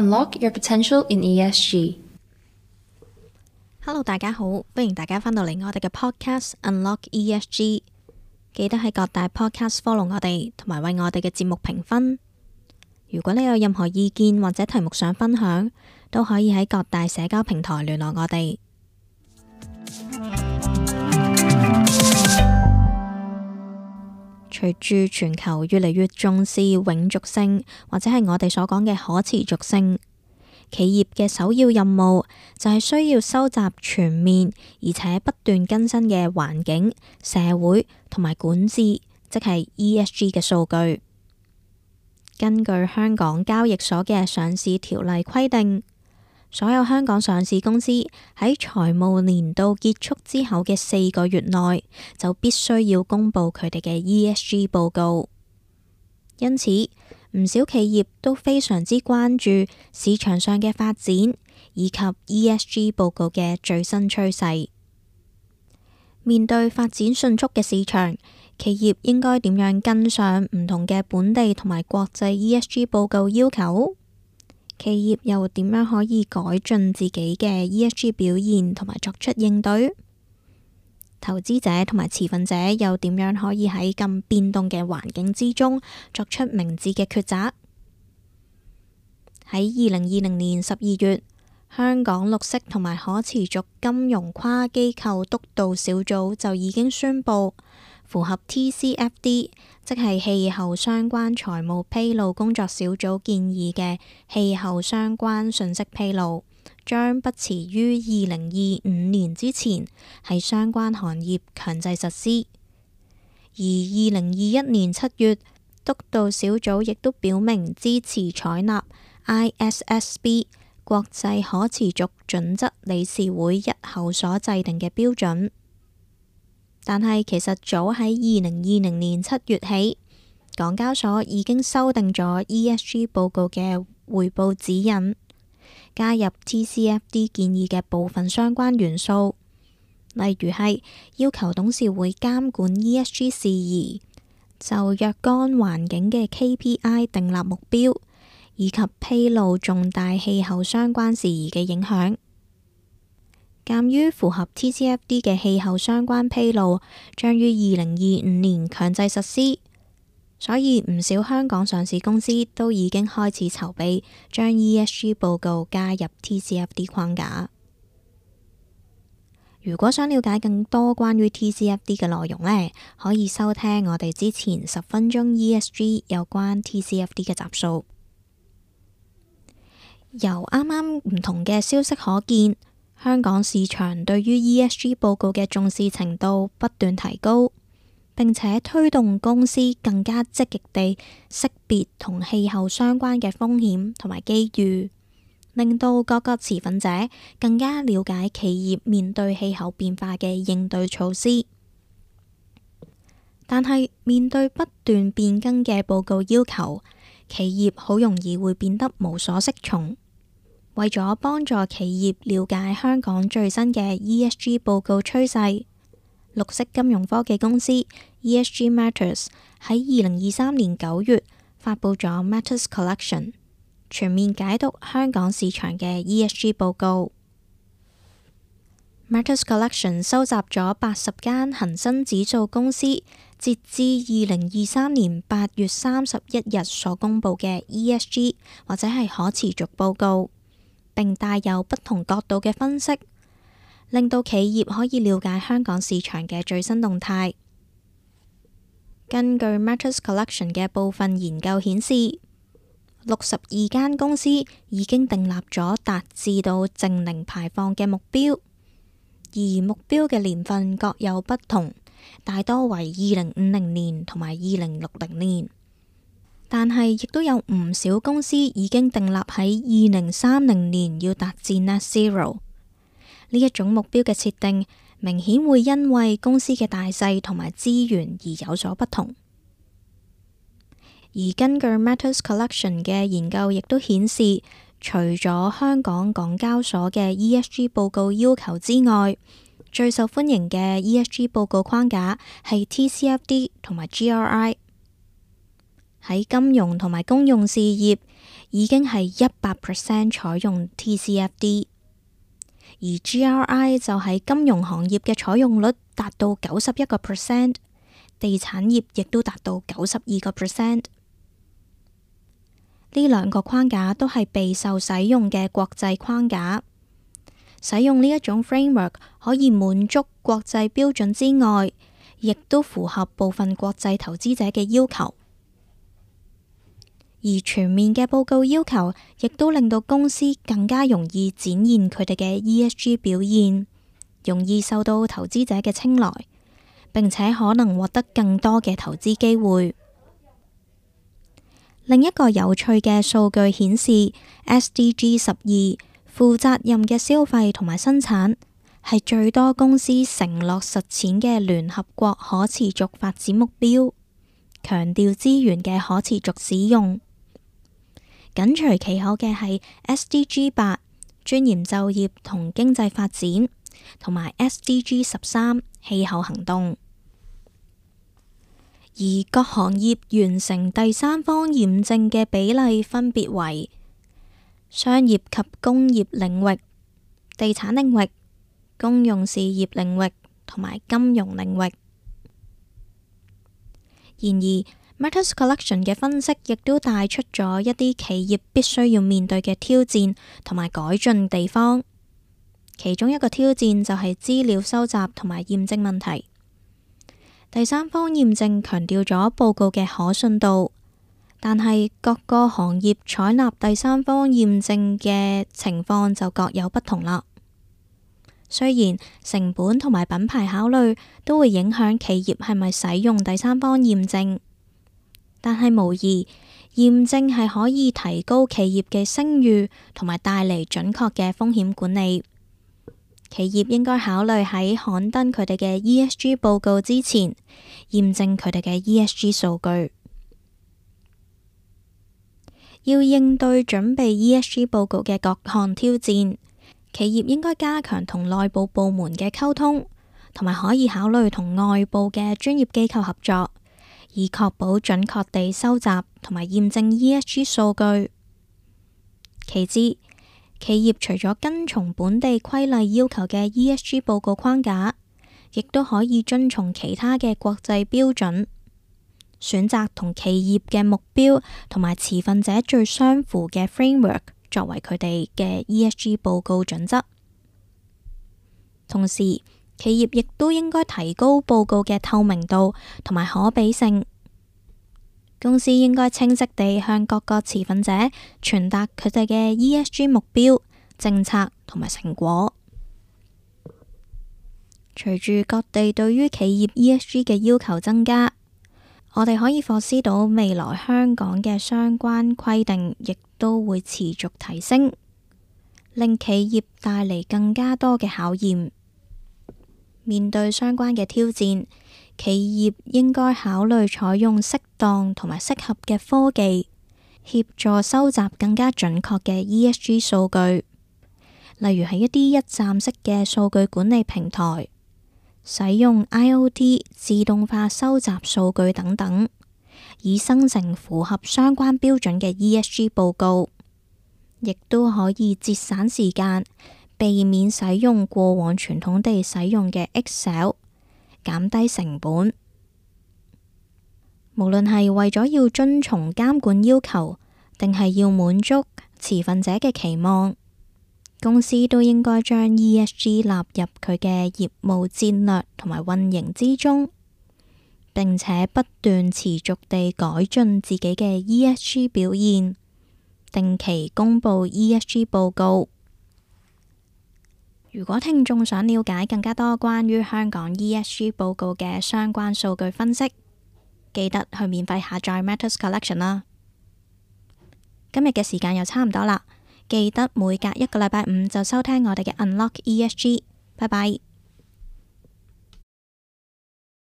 Unlock your potential in ESG. Hello，大家好，歡迎大家翻到嚟我哋嘅 podcast Unlock ESG。記得喺各大 podcast follow 我哋，同埋為我哋嘅節目評分。如果你有任何意見或者題目想分享，都可以喺各大社交平台聯絡我哋。隨住全球越嚟越重視永續性，或者係我哋所講嘅可持續性，企業嘅首要任務就係需要收集全面而且不斷更新嘅環境、社會同埋管治，即係 ESG 嘅數據。根據香港交易所嘅上市條例規定，所有香港上市公司喺財務年度結束之後嘅四個月內就必須要公布佢哋嘅 ESG 報告。因此，唔少企業都非常之關注市場上嘅發展以及 ESG 報告嘅最新趨勢。面對發展迅速嘅市場，企業應該點樣跟上唔同嘅本地同埋國際 ESG 報告要求？企業又點樣可以改進自己嘅 ESG 表現，同埋作出應對？投資者同埋持份者又點樣可以喺咁變動嘅環境之中作出明智嘅抉擇？喺二零二零年十二月，香港綠色同埋可持續金融跨機構督導小組就已經宣佈。符合 TCFD，即係氣候相關財務披露工作小組建議嘅氣候相關信息披露，將不遲於二零二五年之前喺相關行業強制實施。而二零二一年七月，督導小組亦都表明支持採納 ISSB 國際可持續準則理事會日後所制定嘅標準。但係，其實早喺二零二零年七月起，港交所已經修訂咗 ESG 報告嘅匯報指引，加入 TCFD 建議嘅部分相關元素，例如係要求董事會監管 ESG 事宜，就若干環境嘅 KPI 訂立目標，以及披露重大氣候相關事宜嘅影響。鑒於符合 TCFD 嘅氣候相關披露將於二零二五年強制實施，所以唔少香港上市公司都已經開始籌備將 ESG 報告加入 TCFD 框架。如果想了解更多關於 TCFD 嘅內容呢，可以收聽我哋之前十分鐘 ESG 有關 TCFD 嘅集數。由啱啱唔同嘅消息可見。香港市場對於 ESG 報告嘅重視程度不斷提高，並且推動公司更加積極地識別同氣候相關嘅風險同埋機遇，令到各個持份者更加了解企業面對氣候變化嘅應對措施。但係面對不斷變更嘅報告要求，企業好容易會變得無所適從。為咗幫助企業了解香港最新嘅 ESG 報告趨勢，綠色金融科技公司 ESG Matters 喺二零二三年九月發布咗 Matters Collection，全面解讀香港市場嘅 ESG 報告。Matters Collection 收集咗八十間恒生指數公司，截至二零二三年八月三十一日所公布嘅 ESG 或者係可持續報告。並帶有不同角度嘅分析，令到企業可以了解香港市場嘅最新動態。根據 Matters Collection 嘅部分研究顯示，六十二間公司已經訂立咗達至到淨零排放嘅目標，而目標嘅年份各有不同，大多為二零五零年同埋二零六零年。但係，亦都有唔少公司已經訂立喺二零三零年要達至 net zero 呢一種目標嘅設定，明顯會因為公司嘅大細同埋資源而有所不同。而根據 Matters Collection 嘅研究，亦都顯示，除咗香港港交所嘅 ESG 報告要求之外，最受歡迎嘅 ESG 報告框架係 TCFD 同埋 GRI。喺金融同埋公用事業已經係一百 percent 採用 TCFD，而 GRI 就喺金融行業嘅採用率達到九十一個 percent，地產業亦都達到九十二個 percent。呢兩個框架都係備受使用嘅國際框架。使用呢一種 framework 可以滿足國際標準之外，亦都符合部分國際投資者嘅要求。而全面嘅報告要求亦都令到公司更加容易展現佢哋嘅 ESG 表現，容易受到投資者嘅青睞，並且可能獲得更多嘅投資機會。另一個有趣嘅數據顯示，SDG 十二負責任嘅消費同埋生產係最多公司承諾實踐嘅聯合國可持續發展目標，強調資源嘅可持續使用。緊隨其後嘅係 SDG 八尊嚴就業同經濟發展，同埋 SDG 十三氣候行動。而各行業完成第三方驗證嘅比例分別為商業及工業領域、地產領域、公用事業領域同埋金融領域。然而。Matters Collection 嘅分析亦都帶出咗一啲企業必須要面對嘅挑戰同埋改進地方。其中一個挑戰就係資料收集同埋驗證問題。第三方驗證強調咗報告嘅可信度，但係各個行業採納第三方驗證嘅情況就各有不同啦。雖然成本同埋品牌考慮都會影響企業係咪使用第三方驗證。但係無疑，驗證係可以提高企業嘅聲譽，同埋帶嚟準確嘅風險管理。企業應該考慮喺刊登佢哋嘅 ESG 報告之前，驗證佢哋嘅 ESG 數據。要應對準備 ESG 報告嘅各項挑戰，企業應該加強同內部部門嘅溝通，同埋可以考慮同外部嘅專業機構合作。以確保準確地收集同埋驗證 ESG 數據。其次，企業除咗跟從本地規例要求嘅 ESG 報告框架，亦都可以遵從其他嘅國際標準，選擇同企業嘅目標同埋持份者最相符嘅 framework 作為佢哋嘅 ESG 報告準則。同時，企業亦都應該提高報告嘅透明度同埋可比性。公司應該清晰地向各個持份者傳達佢哋嘅 ESG 目標、政策同埋成果。隨住各地對於企業 ESG 嘅要求增加，我哋可以 foresee 到未來香港嘅相關規定亦都會持續提升，令企業帶嚟更加多嘅考驗。面對相關嘅挑戰，企業應該考慮採用適當同埋適合嘅科技，協助收集更加準確嘅 ESG 數據。例如喺一啲一站式嘅數據管理平台，使用 IOT 自動化收集數據等等，以生成符合相關標準嘅 ESG 報告，亦都可以節省時間。避免使用過往傳統地使用嘅 Excel，減低成本。無論係為咗要遵從監管要求，定係要滿足持份者嘅期望，公司都應該將 ESG 納入佢嘅業務戰略同埋運營之中，並且不斷持續地改進自己嘅 ESG 表現，定期公布 ESG 報告。如果聽眾想了解更加多關於香港 ESG 報告嘅相關數據分析，記得去免費下載 Matters Collection 啦。今日嘅時間又差唔多啦，記得每隔一個禮拜五就收聽我哋嘅 Unlock ESG。拜拜。